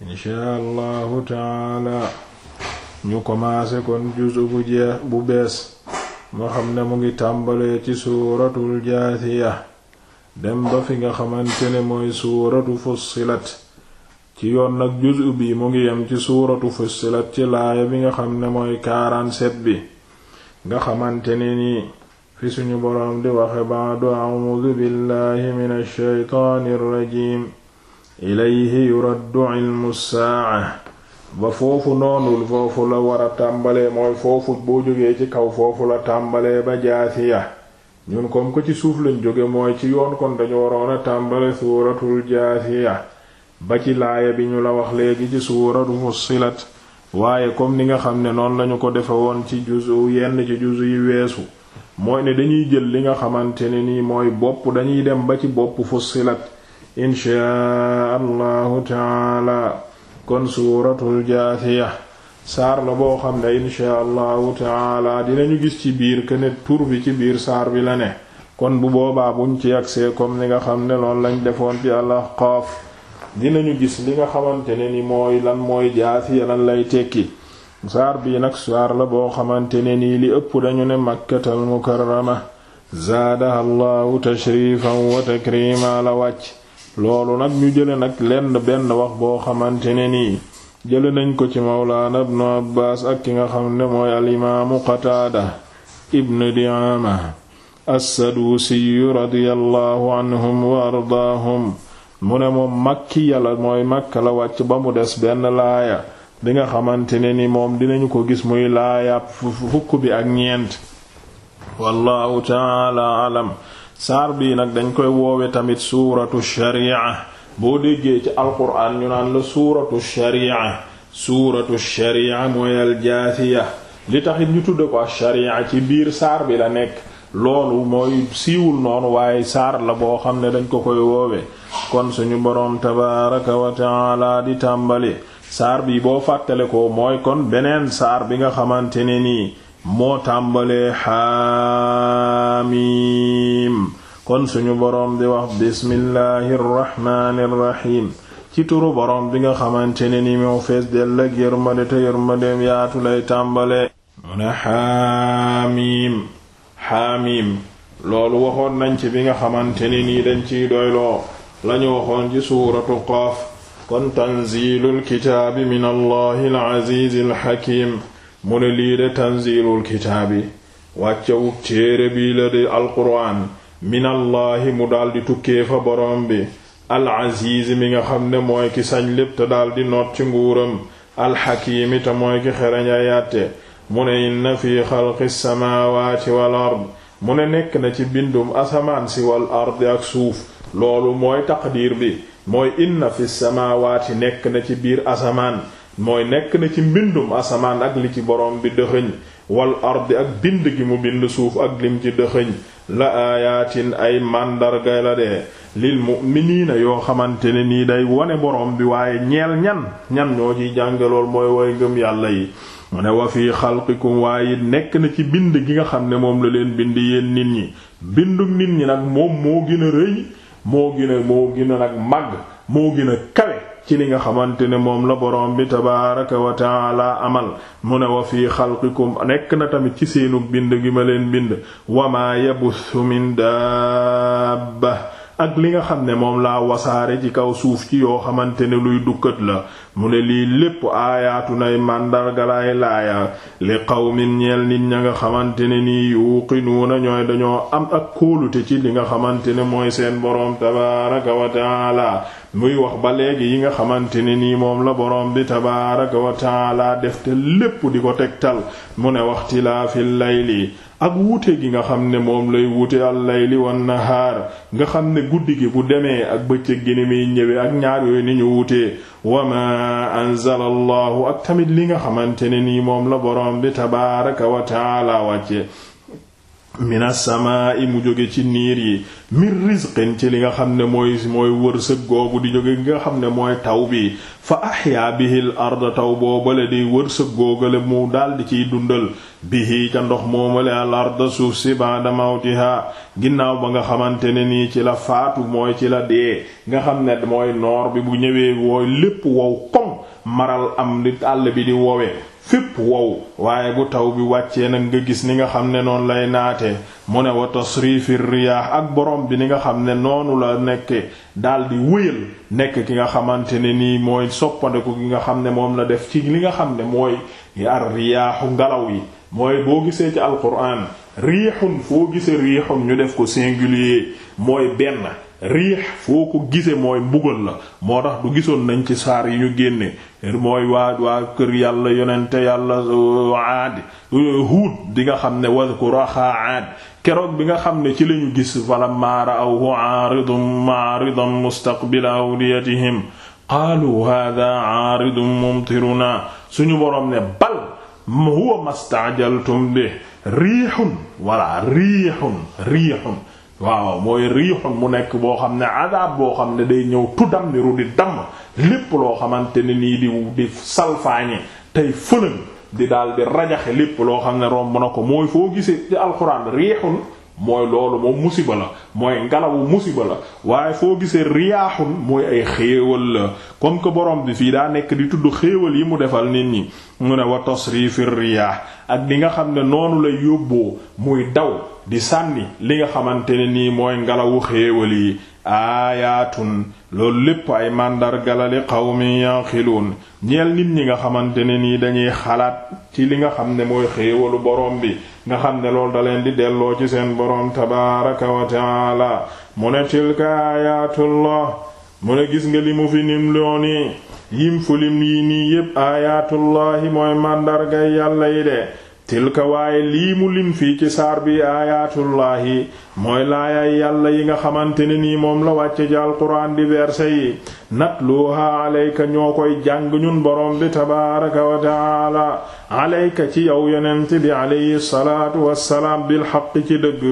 incha allahu taala ñu commencé kon jus bu jeex bu bees moo xam ne mu ngi tàmbalee ci suuratul jaasiya dem ba fi nga xamante ne mooy suuratu fussilat ci yoon nag juzu bi mu ngi yem ci suuratu fussilat ci laaya bi nga xam ne mooy 47 bi nga xamante ne nii fi suñu boroom di waxe baadu a'uudu billahi minash shaytaanir rajiim ilayhi yuraddu ilmu saa'a ba foofu noonul foofu la war a tàmbalee mooy foofu boo jógee ci kaw foofu la tàmbalee ba jaasiya ñun comme ko ci suuf lañ jóge mooy ci yoon kon dañu waroon a tàmbale suuratul jaasiya ba ci laaya bi ñu la wax léegi ci suuratu fussilat waaye comme ni nga xam ne noonu lañu ko defe woon ci juzu yenn ci juzu yi weesu mooy ne dañuy jël li nga xamante ne nii mooy bopp dañuy dem ba ci bopp fussilat inchaa allahu taala kon suuratul jaasiya saar la boo xam ne inchaa allahu taala dinañu gis ci biir këne tur bi ci biir saar bi la ne kon bu boobaa buñ ci agsee comme li nga xam ne loolu lañ defoon ci al-Ahqaaf dinañu gis li nga xamante ne ni mooy lan mooy jaasiya lan lay tekki saar bii nag saar la boo xamante ne nii li ëpp dañu ne makkatal mukarrama zaadaha allahu tashrifan wa takrima la wàcc loolu nag ñu jële nag lenn benn wax boo xamante ne nii jële nañ ko ci mawlaana ibnu abbaas ak ki nga xam ne mooy alimaamu qataada ibn diama assaduusiyu radiyallahu anhum wa ardaahum mu ne moom makki yàlla mooy makka la wàcc ba mu des benn laaya bi nga xamante ne ni moom dinañu ko gis muy laaya fukk bi ak ñeent wallahu taala alam saar bii nag dañ koy woowe tamit suuratu sharia boo déggee ci alquraan ñu naan la suuratu sharia suuratu sharia mooy aljaasiya li taxit ñu tudde ko sharia ci biir saar bi la nekk loolu mooy siiwul noonu waaye saar la boo xam ne dañ ko koy woowe kon suñu boroom tabaaraka wa taala di tàmbali saar bi boo fàttale ko mooy kon beneen saar bi nga xamante ne nii moo tàmbalee xaamiim kon suñu borom di wax bismillahi rrahmani rrahim ci turu borom bi nga xamante ne ni moo fees dell ak yërmande te yërmandeem yaatu lay tàmbalee mu ne xaamiim xaamiim loolu waxoon nañ ci bi nga xamante ne nii dañ ciy doyloo lañu waxoon ci suuratu qaaf kon tanziilul kitaabi min allahi al aziizil hakiim mu ne lii de tanziilul kitaabi wàccewu téere bii la de alquraan minallaahi mu daldi tukkee fa borom bi al-aziizi mi nga xam ne mooy ki sañ lépp te daldi noot ci nguuram alxakiimi te mooy ki xereñ ay àtte mu ne inna fi xalqi samaawaati wal ard mu ne nekk na ci bindum asamaan si wal ard ak suuf loolu mooy taqdiir bi mooy inna fi samaawaati nekk na ci biir asamaan mooy nekk na ci mbindum asamaan ak li ci borom bi dëxëñ wal ardi ak bind gi mu bind suuf ak lim ci dëxëñ la aayaatin ay màndarga la de lil mu'miniina yoo xamante ne nii day wone borom bi waaye ñeel ñan ñan ñoo ciy jàngelool mooy woy ngëm yàlla yi mu ne wa fii xalqikum waaye nekk na ci bind gi nga xam ne moom la leen bind yéen nit ñi bindu nit ñi nag moom moo gën a rëy moo gën a moo gën a nag màgg moo gën a kawe ci li nga xamante ne moom la borom bi tabaaraka wa taala amal mu ne wa fii xalqikum nekk na tamit ci seenu bind gi ma leen bind wa maa yabuthu min daabba ak li nga xam ne moom laa wasaare ci kaw suuf ci yoo xamante ne luy dukkat la mu ne lii lépp aayaatu nay màndargalaay laaya li qawmin ñeel nit ña nga xamante ne nii yuqinuuna ñooy dañoo am ak kóolute ci li nga xamante ne mooy seen boroom tabaaraka wa taala muy wax ba léegi yi nga xamante ne nii moom la boroom bi tabaaraka wa taala def te lépp di ko teg tal mu ne waxtilaa fil lii ak wuute gi nga xam ne moom lay wuute al-layli wan-nahaar nga xam ne guddi gi bu demee ak bëccëg gi ni muy ñëwee ak ñaar yooyu ni ñu wuute wa ma anzala allahu ak tamit li nga xamante ne nii moom la boroom bi tabaaraka wa taala wàcce mina sama i mu jóge ci niir yi mir rizqin ci li nga xam ne mooy mooy wërsëg googu di jóge nga xam ne mooy taw bi fa ahya bihi l arda taw boobale di wërsëg googale mu daldi ciy dundal bihi ca ndox moomale al arda suuf si ba'da mawtiha ginnaaw ba nga xamante ne nii ci la faatu mooy ci la dee nga xam ne mooy noor bi bu ñëwee wooy lépp wow koŋ maral am di àll bi di woowee fépp wow waaye bu taw bi wàccee nag nga gis ni nga xam ne noonu lay naate mu ne wa tasrifi riyaah ak borom bi ni nga xam ne noonu la nekk daldi wëyal nekk ki nga xamante ne nii mooy soppandiku ki nga xam ne moom la def ci li nga xam ne mooy ar riyaaxu ngelaw yi mooy boo gisee ci alquran riixun foo gise riixun ñu def ko singulier mooy benn riix foo ko gise mooy mbugal la moo tax du gisoon nañ ci saar yi ñu génne mooy waa waa kër yàlla yonente yàlla aad huud di nga xam ne wadhkur axaa aad keroog bi nga xam ne ci lañu gis fala maara awhu aaridun maaridan mustaqbila awdiyatihim qaalu hada aaridun mumtiruna suñu boroom ne bal huwa mastajaltum bi riixun walla riixun riixun waaw mooy riixun mu nekk boo xam ne adab boo xam ne day ñëw tuddam niru di damm lépp loo xamante ne nii di di salfaañe tey fëlën di daal di rajaxe lépp loo xam ne romb na ko mooy foo gisee ci alxuraan riixun mooy loolu moom musiba la mooy ngelawu musiba la waaye foo gisee riyaaxun mooy ay xéewal la comme que borom bi fii daa nekk di tudd xéewal yi mu defal nit ñi mu ne wa tasrifir riyaax ak li nga xam ne noonu la yóbboo muy daw di sànni li nga xamante ne nii mooy ngelawu xéewal yi aayaatun loolu lépp ay màndarga la li qawmin yaqiluun ñeel nit ñi nga xamante ne nii dañuy xalaat ci li nga xam ne mooy xéewalu borom bi nga xam ne loolu da leen di delloo ci seen boroom tabaaraka wa taala mu ne tilka aayaatullah mu ne gis nga limu mu fi nim looni yim fulim yi nii yépp aayatullahi mooy màndargay yàlla yi de tilka lii mu lim fii ci saar bi aayatullaahi mooy laayaay yàlla yi nga xamante ne nii moom la wàcce ci alquraan di verset yi natluha alayka ñoo koy jàng ñun borom bi tabaaraka wa taala alayka ci yow yonent bi alayhi wassalaam bil xaq ci dëgg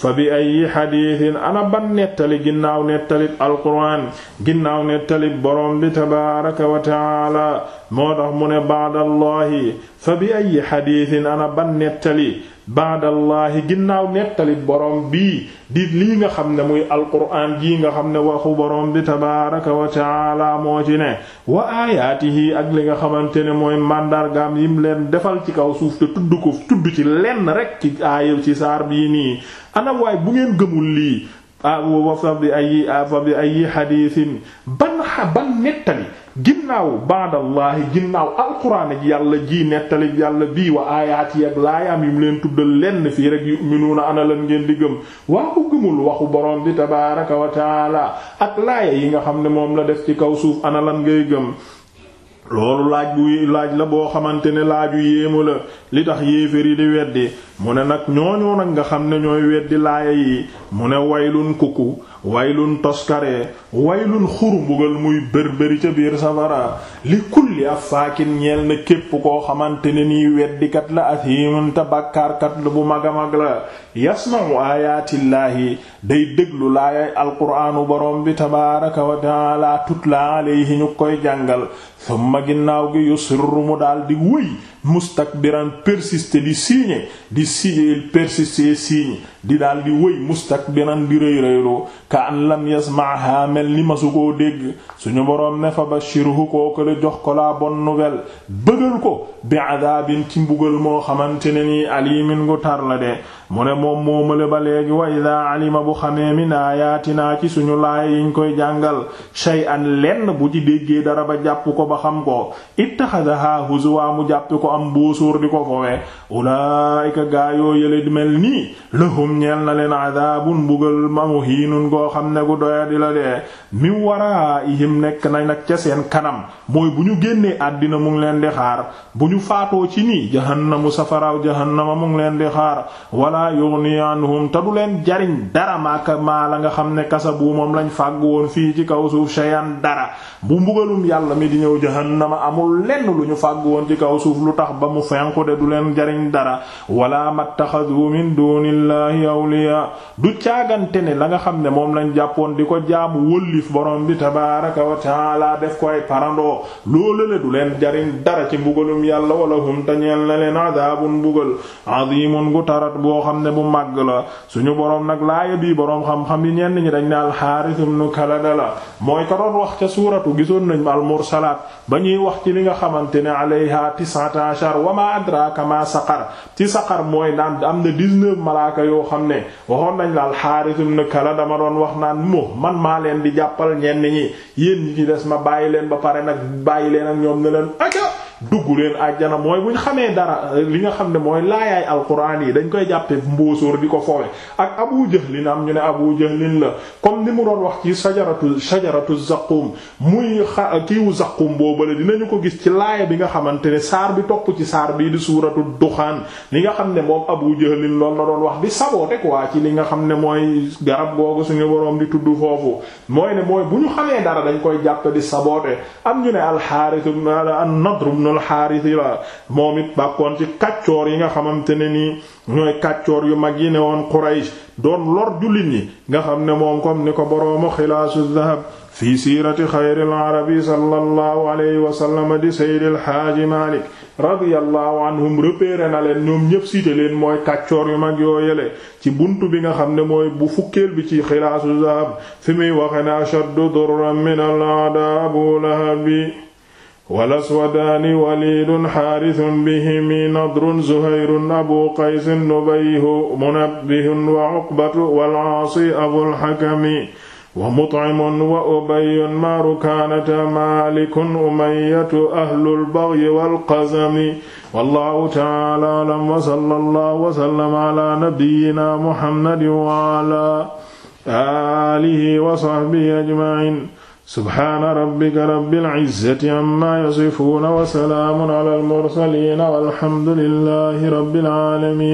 fa bi ayi xadiisin ana ban nettali ginnaaw nettalib alquraan ginnaaw nettalib boroom bi tabaaraka wa taala moo tax mu ne baadallaahi fa bi ay xadiisin ana ban nettali baadallaahi ginnaaw nettali borom bii di lii nga xam ne muy alquraan jii nga xam ne waxu borom bi tabaaraka wa taala moo ci ne wa aayaatihi ak li nga xamante ne mooy màndargaam yim leen defal ci kaw suuf te tudd ko tudd ci lenn rek ci ci saar bii nii ana bu ngeen gëmul lii Ah, wa fa bi ay ah, fa bi ay xadiisin ban ban nettali ginnaaw baadallaahi ginnaaw alquraan ji yàlla jii nettali yàlla bii wa aayaat yi ak laayaam yu leen tuddal lenn fii rek yu'minuuna ana lan ngeen di gëm waa ko waxu borom bi tabaaraka wa taala ak laaya yi nga xam ne moom la def ci kaw suuf ana lan ngay gëm loolu laaj bu laaj la boo xamante ne laaju yéemu la li tax yéefér yi di weddi mu ne nag ñooñoo nag nga xam ne ñooy weddi laaya yi mu ne waylun kuku waylun toskare waylun xurmbugal muy bërbëri ca biir safara li kulli affaakin ñeel na képp koo xamante ne nii weddikat la athimun te bàkkaarkat la bu mag a mag la yasma'u aayaatillaahi day déglu laayay alquraanu borom bi tabaaraka wa ta'aala tutla alayhi ñu koy jàngal summa ginnaaw gi yusirru mu daal di wëy mustakbiran persiste di signé di signé persiste e signé di daal di wëy mustakbiran di rëy rëyloo ka an lam yasmaaha mel ni masu koo dégg suñu boroom ne fa bashiruhu kooku la jox ko la bonne nouvelle bëggal ko bi adaabin ci mbugal moo xamante ne nii alimin ngu tar la de mu ne moom moomale ba léegi wa ida alima bu xamee min aayaatinaa ci suñu laaya yiñ koy jàngal an lenn bu ci déggee dara ba jàpp ko ba xam ko ittaxadaha huzwa mu jàpp ko am buusuur di ko fowee ulaayika gaa yoo yële di mel nii lahum ñeel na leen adaabun mbugal mamu hiinun goo xam ne gu doya di la dee mi waraa ihim nekk nañ nag ca seen kanam mooy bu ñu génnee àddina mu ngi leen di xaar bu ñu faatoo ci nii jahannamu safaraaw jahannama mu ngi leen di xaar wala yughni anhum te du leen jariñ dara maaka maa la nga xam ne kasabu moom lañ fàgg woon fii ci kaw suuf shay'an dara bu mbugalum yàlla mi di ñëw jahannama amul lenn tax ba mu fenku de du leen jariñ dara wala mattaxadu min dunillahi awliya du caagante ne la nga xam ne moom lañ jàppoon di ko jaamu wëllif borom bi tabaraka wa taala def koy parandoo loolu le du leen jariñ dara ci mbugalum yàlla wala hum tañeel na leen adaabun mbugal azimun gu tarat boo xam ne bu màgg la suñu boroom nag laaya bii boroom xam-xam yi ñenn ñi dañ ne alxaaris ibnu kalada la mooy ko doon wax ca suuratu gisoon nañ al ba ñuy ashar wamaa ma adraka ma ci saqar mooy naan am na dix malaaka yoo xam ne waxoon nañ laal Harith ibn Kala dama doon wax naan mo man maa leen di jàppal ñenn ñi yéen ñi ci des ma bàyyi leen ba pare nag bàyyi leen ak ñoom ne leen aca dugg leen àjjana mooy bu ñu xamee dara li nga xam ne mooy laayaay alquran yi dañ koy jàppe mbóosóor di ko foowe ak abu jahlin am ñu ne abu jahlin la comme ni mu wax ci sajaratu sajaratu zaqum muy xa kiiwu zaqum boobale dinañu ko gis ci laaya bi nga xamante ne saar bi topp ci saar bii di suuratu duxaan li nga xam ne moom abu jahlin loolu la doon wax di saboote quoi ci li nga xam ne mooy garab googu suñu boroom di tudd foofu mooy ne mooy bu ñu xamee dara dañ koy jàppe di saboote am ñu ne alxaaris an nadr ibn la moom it bàkkoon ci kàccoor yi nga xamante ne nii ñooy kàccoor yu mag yi ne woon Quraysh doon lor jullit ñi nga xam ne moom comme ni ko boroomu xilaasu dahab fi siirati xayril arabi sallallahu alayhi wa sallam di Seydil Haaji Maalik radiyallahu anhum repéré na leen ñoom ñëpp cité leen mooy kàccoor yu mag yoo yële ci buntu bi nga xam ne mooy bu fukkeel bi ci xilaasu dahab fi muy waxe ne ashaddu durran min al-a'daa Abu walaswadaani walidun xaarisun bihimi nadrun zuhairun abu qaysin nubayhu munabbihun wa uqbatu walaasi abulxakami wa mutcimun wa ubayun maarukaanata maalikun umayatu ahlulbagyi walqasami wallahu taala alam wa sallallahu wa sallama ala nabiyyina muhammadin wa ala alihi wa sahbihi ajmacin subhaana rabbika rabbil izzati amma yasifuuna wa salaamun alal mursaliin walhamdu lillaahi rabbil aalamiin